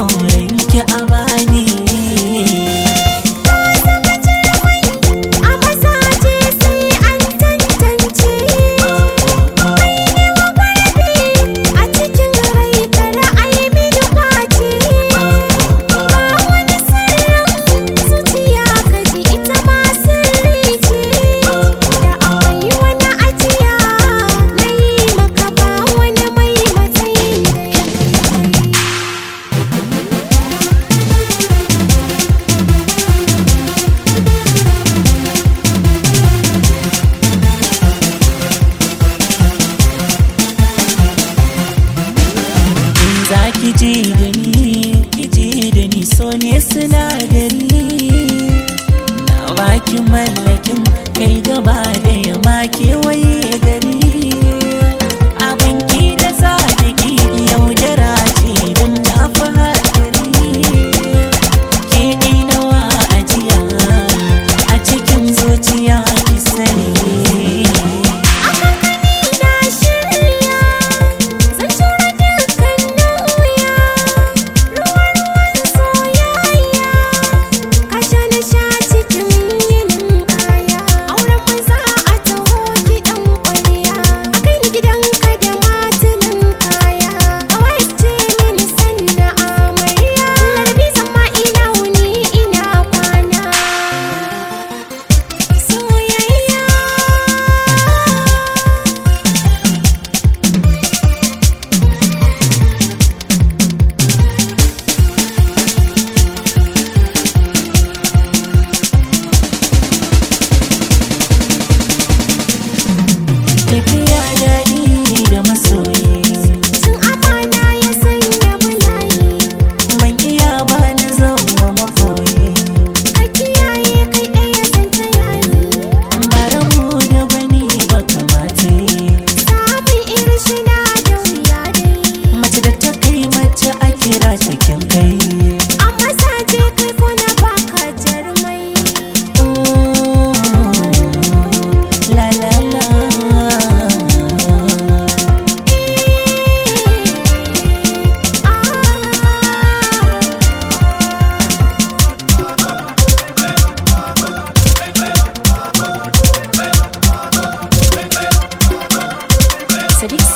lonely listener.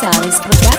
González Productions.